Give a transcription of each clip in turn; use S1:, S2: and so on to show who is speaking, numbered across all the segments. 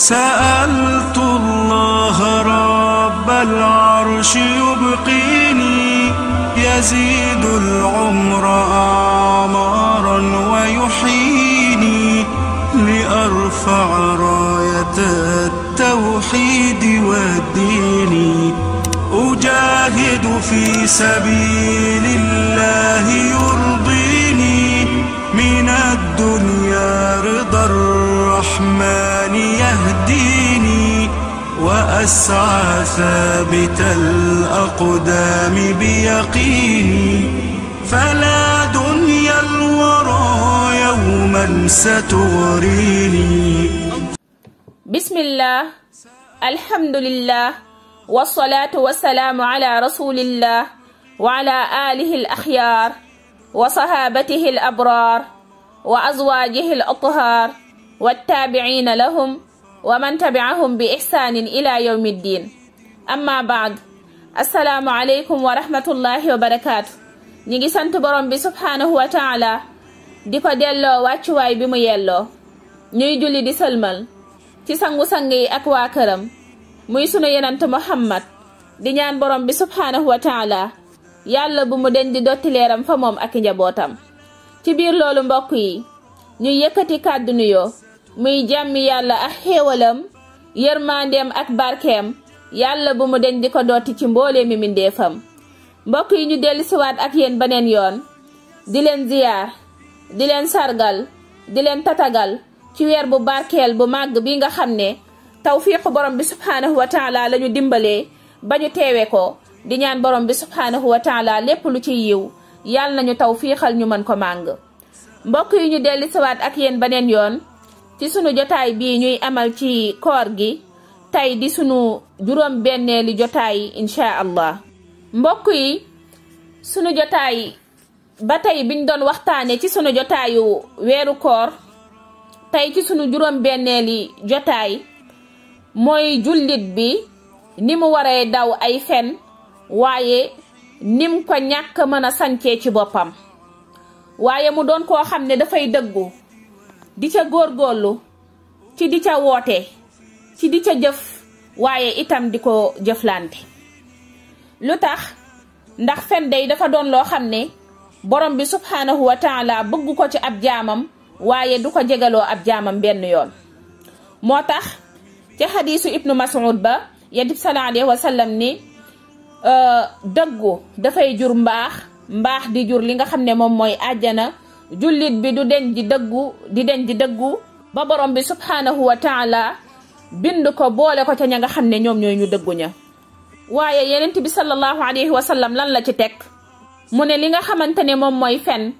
S1: سألت الله رب العرش يبقيني يزيد العمر أعمارا ويحييني لأرفع راية التوحيد والدين أجاهد في سبيل أسعى ثابت الأقدام بيقين فلا دنيا الورى يوما ستغريني بسم الله الحمد لله والصلاة والسلام على رسول الله وعلى آله الأخيار وصحابته الأبرار وأزواجه الأطهار والتابعين لهم wa man tabi'ahum bi ihsaanin ila yawmi ddin amma baad assalaamu aleykum wa rahmatullahi wa barakaatu ñi ngi sant borom bi subhaanahu wa taala di ko delloo wàccuwaay bi mu yelloo ñuy julli di sëlmal ci sangu-sang yi ak waa këram muy sunu yenant muhammad di ñaan borom bi subhaanahu wa taala yàlla bu mu den di dotti leeram fa moom ak njabootam ci biir loolu mbokk yi ñu yëkkati kàddu nuyoo muy jàmm yàlla ak xéewalam yërmandeem ak barkeem yàlla bu mu deñ di ko dooti ci mboolee mi mindeefam mbokk yi ñu dellusiwaat ak yéen beneen yoon di leen ziyaar di leen sargal di leen tatagal ci weer bu barkeel bu màgg bi nga xam ne tawfiiqu borom bi subhaanahu wa taala la ñu dimbalee ba ñu teewe ko di ñaan borom bi subhaanahu wa taala lépp lu ci yiw yàlla nañu tawfiixal ñu mën ko màng mbokk yi ñu dellusiwaat ak yéen beneen yoon ci sunu jotaay bii ñuy amal ci koor gi tey di sunu juróom benneeli jotaay incha allah mbokk yi sunu jotaay ba tey biñ doon waxtaane ci sunu jotaayu weeru koor tey ci sunu juróom benneeli jotaay mooy jullit bi ni mu waree daw ay fen waaye nim ko ñàkk mën a sancee ci boppam waaye mu doon koo xam ne dafay dëggu di ca góor góorlu ci di ca woote ci di ca jëf waaye itam di ko jëflante lu tax ndax fen day dafa doon loo xam ne borom bi subhaanahu wa taala bëgg ko ci ab jaamam waaye du ko jegaloo ab jaamam benn yoon moo tax ca xadiisu ibnu mas'ud ba yadib sallallahu alayhi wa sallam ni dëggu dafay jur mbaax mbaax di jur li nga xam ne moom mooy àjjana jullit bi du deñ ji dëggu di deñ di dëggu ba borom bi subhaanahu wa taala bind ko boole ko ca ña nga xam ne ñoom ñooy ñu dëggu ña waaye yenent bi sallallahu alayhi wa sallam lan la ci teg mu ne li nga xamante ne moom mooy fen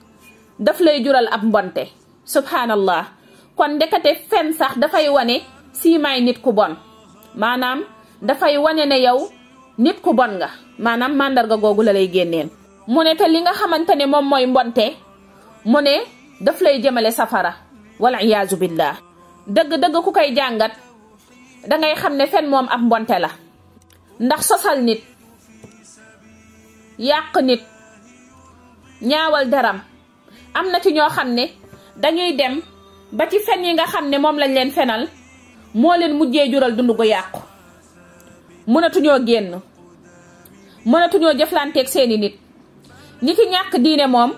S1: daf lay jural ab mbonte subhaanallah kon ndekete fen sax dafay wane siimaay nit ku bon maanaam dafay wane ne yow nit ku bon nga maanaam màndarga googu la lay génneen mu ne te li nga xamante ne moom mooy mbonte mu ne daf lay jëmale safara wala iyaazu billah dëgg-dëgg ku koy jàngat dangay xam ne fen moom ab mbonte la ndax sosal nit yàq nit ñaawal daram am na ci ñoo xam ne dañuy dem ba ci fen yi nga xam ne moom lañ leen fenal moo leen mujjee jural dund gu yàqu mënatuñoo génn mënatuñoo jëflanteeg seeni nit ñi ci ñàkk diine moom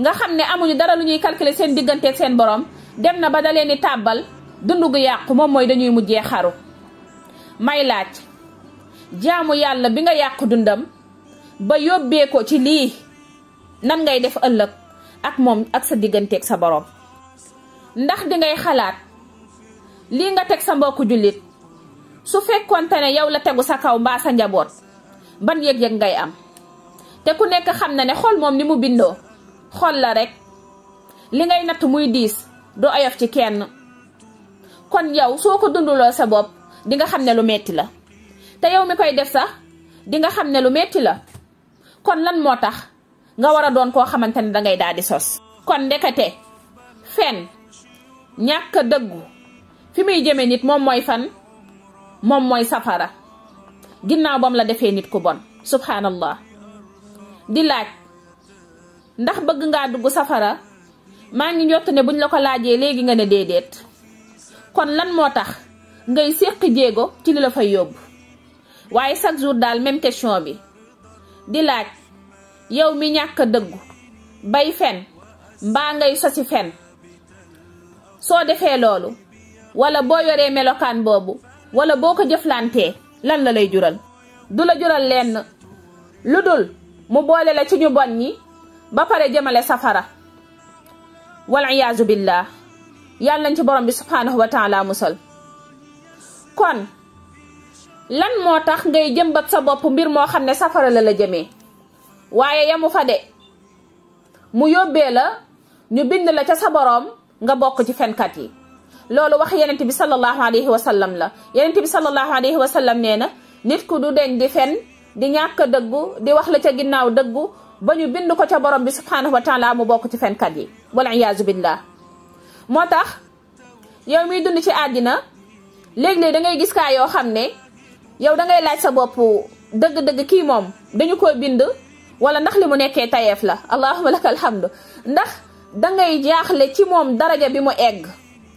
S1: nga xam ne amuñu dara lu ñuy calculer seen digganteek seen borom dem na ba da leen di tàbbal dund gu yàqu moom mooy dañuy mujjee xaru may laaj jaamu yàlla bi nga yàqu dundam ba yóbbee ci lii nan ngay def ëllëg ak moom ak sa digganteek sa borom ndax di xalaat lii nga teg sa mbokku jullit su fekkonte ne yow la tegu sa kaw mbaa sa njaboot ban yëg-yëg ngay am te ku nekk xam na ne xol moom ni mu bindoo xol la rek li ngay natt muy diis du oyof ci kenn kon yow soo ko dunduloo sa bopp di nga xam ne lu metti la te yow mi koy def sax di nga xam ne lu metti la kon lan moo tax nga war a doon koo xamante ne dangay daal di sos kon ndekete fen ñàkk a dëggu fi muy jëme nit moom mooy fan moom mooy safara ginnaaw bam la defee nit ku bon subhanallah di laaj ndax bëgg ngaa dugg safara maa ngi njott ne buñ la ko laajee léegi nga ne déedéet kon lan moo tax ngay séq jéego ci li la fay yóbbu waaye chaque jour daal même question bi di laaj yow mi ñàkk a dëggu bay fen mbaa ngay sosi fen soo defee loolu wala boo yoree melokaan boobu wala boo ko jëflantee lan la lay jural du la jural lenn lu dul mu boole la ci ñu bon ñi ba pare jëmale safara wal iyaazu billah yàlla nañ ci borom bi subhaanahu wa taala musal kon lan moo tax ngay jëmbat sa bopp mbir moo xam ne safara la la jëmee waaye yamu fa de mu yóbbee la ñu bind la ca sa boroom nga bokk ci fenkat yi loolu wax yenent bi sallallahu alayhi wa sallam la yenent bi sallallahu alayhi wa sallam nee na nit ku du deñ di fen di ñàkk dëggu di wax la ca ginnaaw dëggu ba ñu bind ko ca borom bi subhaanahu wa taala mu bokk ci fenkat yi wal iyaazu billah moo tax yow miy dund ci àddina léegi léeg da ngay gis kaa yoo xam ne yow dangay laaj sa bopp dëgg-dëgg kii moom dañu ko bind wala ndax li mu nekkee tayeef la allahumma laka alhamdu ndax dangay jaaxle ci moom daraja bi mu egg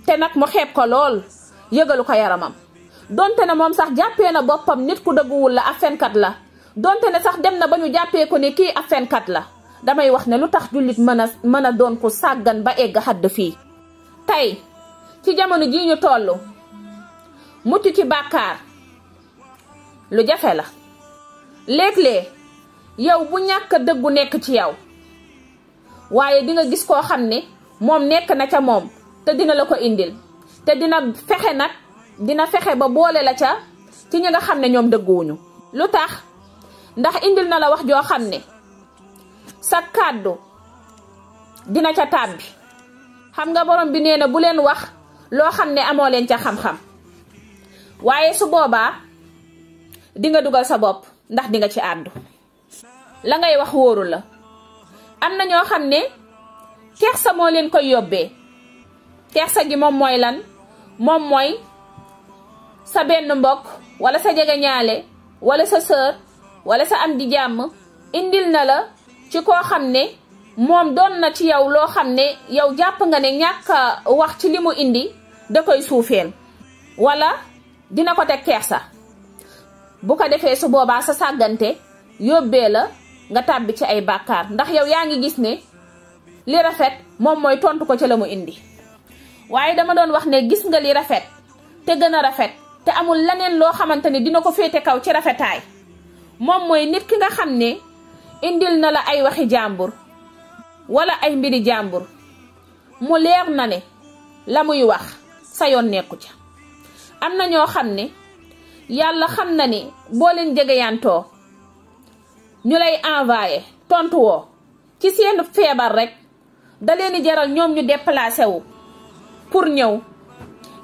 S1: te nag mu xeeb ko lool yëgalu ko yaramam donte ne moom sax jàppee na boppam nit ku dëgguwul la ak fenkat la donte ne sax dem na ba ñu jàppee ko ne kii ab fenkat la damay wax ne lu tax jullit mën a mën a doon ko sàggan ba egg xadd fii tey ci jamono jii ñu toll mucc ci bàkkaar lu jafe la léeg yow bu ñàkk dëggu nekk ci yow waaye di gis koo xam ni moom nekk na ca moom te dina la ko indil te dina fexe nag dina fexe ba boole la ca ci ñi nga xam ne ñoom dëgguwuñu lu tax ndax indil na la wax joo xam ne sa kàddu dina ca tàbbi xam nga borom bi nee na bu leen wax loo xam ne amoo leen ca xam-xam waaye su boobaa di nga dugal sa bopp ndax di nga ci àddu la ngay wax wóoru la am na ñoo xam ne teex sa moo leen koy yóbbee teex sa gi moom mooy lan moom mooy sa benn mbokk wala sa jegeñaale walla sa sœur wala sa am di jàmm indil na la ci koo xam ne moom doon na ci yow loo xam ne yow jàpp nga ne ñàkk wax ci li mu indi da koy suufeel wala dina ko teg kersa bu ko defee su boobaa sa sàggante yóbbee la nga tàbbi ci ay bàkkaar ndax yow yaa ngi gis ne li rafet moom mooy tontu ko ci la mu indi waaye dama doon wax ne gis nga li rafet te gën a rafet te amul leneen loo xamante ni dina ko féete kaw ci rafetaay moom mooy nit ki nga xam ne indil na la ay waxi jàmbur wala ay mbiri jàmbur mu leer na ne la muy wax sa yoon nekku ca am na ñoo xam ne yàlla xam na ni boo leen jegeyantoo ñu lay envoyé tontu woo ci seen feebar rekk da leen di jaral ñoom ñu déplacé wu pour ñëw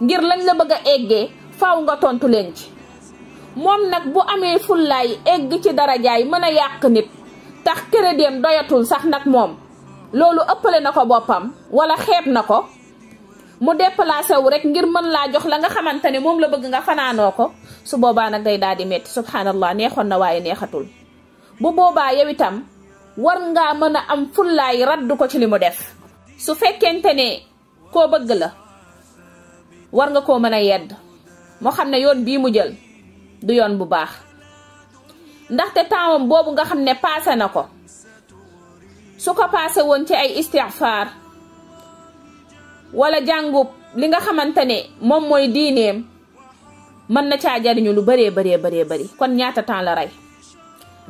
S1: ngir lañ la bëgg a eggee faaw nga tontu leen ci moom nag bu amee fullaay egg ci darajaay mën a yàq nit tax crédit doyatul sax nag moom loolu ëppale na ko boppam wala xeeb na ko mu déplacé wu rek ngir mën laa jox la nga xamante ne moom la bëgg nga fanaanoo ko su boobaa nag day daal di métti subhanallah neexoon na waaye neexatul bu boobaa yow itam war ngaa mën a am fullaay raddu ko ci li mu def su fekkente ne koo bëgg la war nga koo mën a yedd moo xam ne yoon bii mu jël du yoon bu baax ndaxte tempsam boobu nga xam ne paase na ko su ko paase woon ci ay istixfaar wala jàngub li nga xamante ne moom mooy diineem mën na caa jariñu lu bëree bëree bëree bëri kon ñaata temps la rey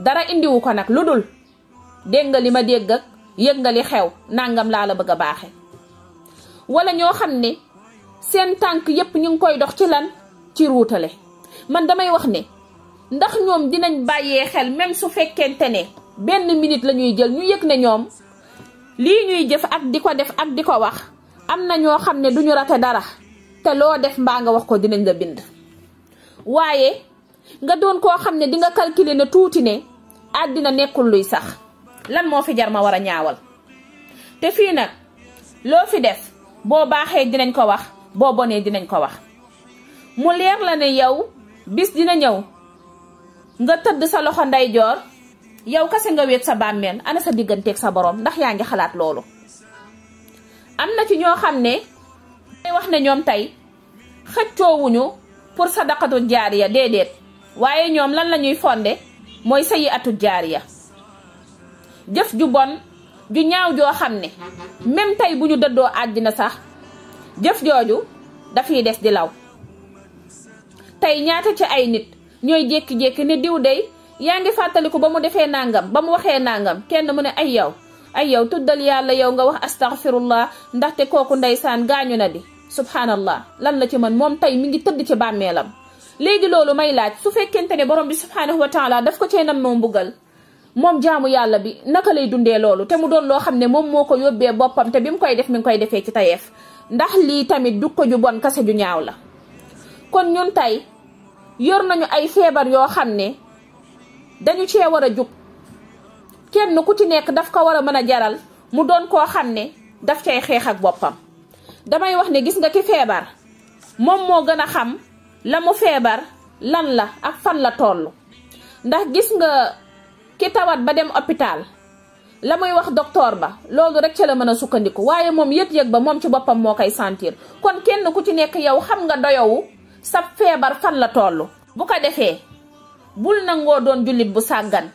S1: dara indiwu ko nag lu dul dégg nga li ma dégg ak nga li xew nangam laa la bëgg a baaxe wala ñoo xam ne seen tànk yépp ñu ngi koy dox ci lan ci ruutale man damay wax ne ndax ñoom dinañ bàyyee xel même su fekkente ne benn minute la ñuy jël ñu yëg ne ñoom lii ñuy jëf ak di ko def ak di ko wax am na ñoo xam ne du ñu rate dara te loo def mbaa nga wax ko dinañ la bind. waaye nga doon koo xam ne dinga nga calculer ne tuuti ne àddina nekkul luy sax lan moo fi jar ma war a ñaawal te fii nag loo fi def boo baaxee dinañ ko wax boo bonee dinañ ko wax mu leer la ne yow. bis dina ñëw nga tëdd sa loxo ndeyjoor yow kase nga wet sa bàmmeel ana sa digganteeg sa boroom ndax yaa ngi xalaat loolu am na ci ñoo xam ne day wax ne ñoom tey xëccoowuñu pour sa jaar ya déedéet waaye ñoom lan la ñuy fonde mooy sayi atu jaariya jëf ju bon ju ñaaw joo xam ne même tey bu ñu dëddoo àddina sax jëf jooju dafiy des di law tey ñaata ci ay nit ñooy jékki-jékki ne diw day yaa ngi fàttaliku ba mu defee nangam ba mu waxee nangam kenn mu ne ay yow ay yow tuddal yàlla yow nga wax astaghfirullah ndaxte kooku ndeysaan gaañu na di subhanallah lan la ci mën moom tey mu ngi tëdd ci bàmmeelam léegi loolu may laaj su fekkente ne borom bi subhaanahu wa taala daf ko cee nam moo mbugal moom jaamu yàlla bi naka lay dundee loolu te mu doon loo xam ne moom moo ko yóbbee boppam te bi mu koy def mi ngi koy defee ci tayeef ndax lii tamit du ko ju bon kase ju ñaaw la kon ñun tey yor nañu ay feebar yoo xam ne dañu cee war a jug kenn ku ci nekk daf ko war a mën a jaral mu doon koo xam ne daf cay xeex ak boppam damay wax ne gis nga ki feebar moom moo gën a xam la mu feebar lan la ak fan la toll ndax gis nga ki tawat ba dem hôpital la muy wax docteur ba loolu rek ca la mën a sukkandiku waaye moom yëg-yëg ba moom ci boppam moo koy sentir kon kenn ku ci nekk yow xam nga doyowu sa feebar fan la toll bu ko defee bul nangoo doon jullit bu sàggan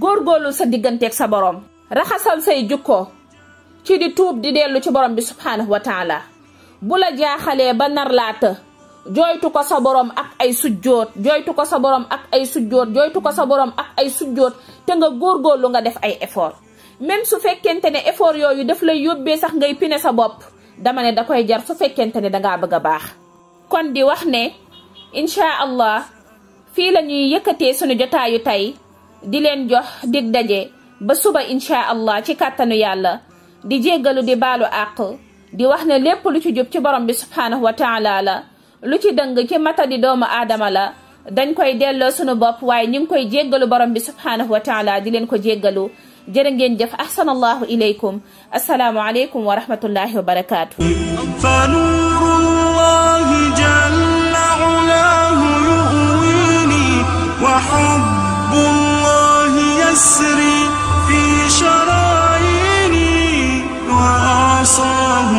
S1: góorgóorlu sa digganteek sa borom raxasal say jukko ci di tuub di dellu ci borom bi subhaanahu wa taala bu la jaaxalee ba nar laa të jooytu ko sa borom ak ay sujjoot jooytu ko sa borom ak ay sujjoot jooytu ko sa borom ak ay sujjoot te nga góorgóorlu nga def ay effort même su fekkente ne effort yooyu daf lay yóbbee sax ngay pine sa bopp dama ne da koy jar su fekkente ne dangaa bëgg a baax kon di wax ne incha allah fii la ñuy yëkkatee sunu jotaayu tey di leen jox dig daje ba suba incha allah ci kàttanu yàlla di jéggalu di baalu àq di wax ne lépp lu ci jub ci borom bi subhaanahu wa taala la lu ci dëng ci mata di doomu aadama la dañ koy delloo sunu bopp waaye ñu ngi koy jéggalu borom bi subhaanahu wa taala di leen ko jéggalu jërë ngeen jëf ahsanallahu ilaykum assalaamu aleykum wa rahmatullahi wa barakaatu. وحب الله يسري في شراييني وأعصاه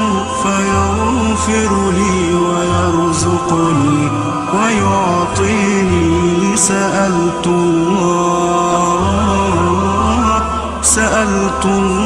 S1: فيغفر لي ويرزقني ويعطيني سألت الله سألت الله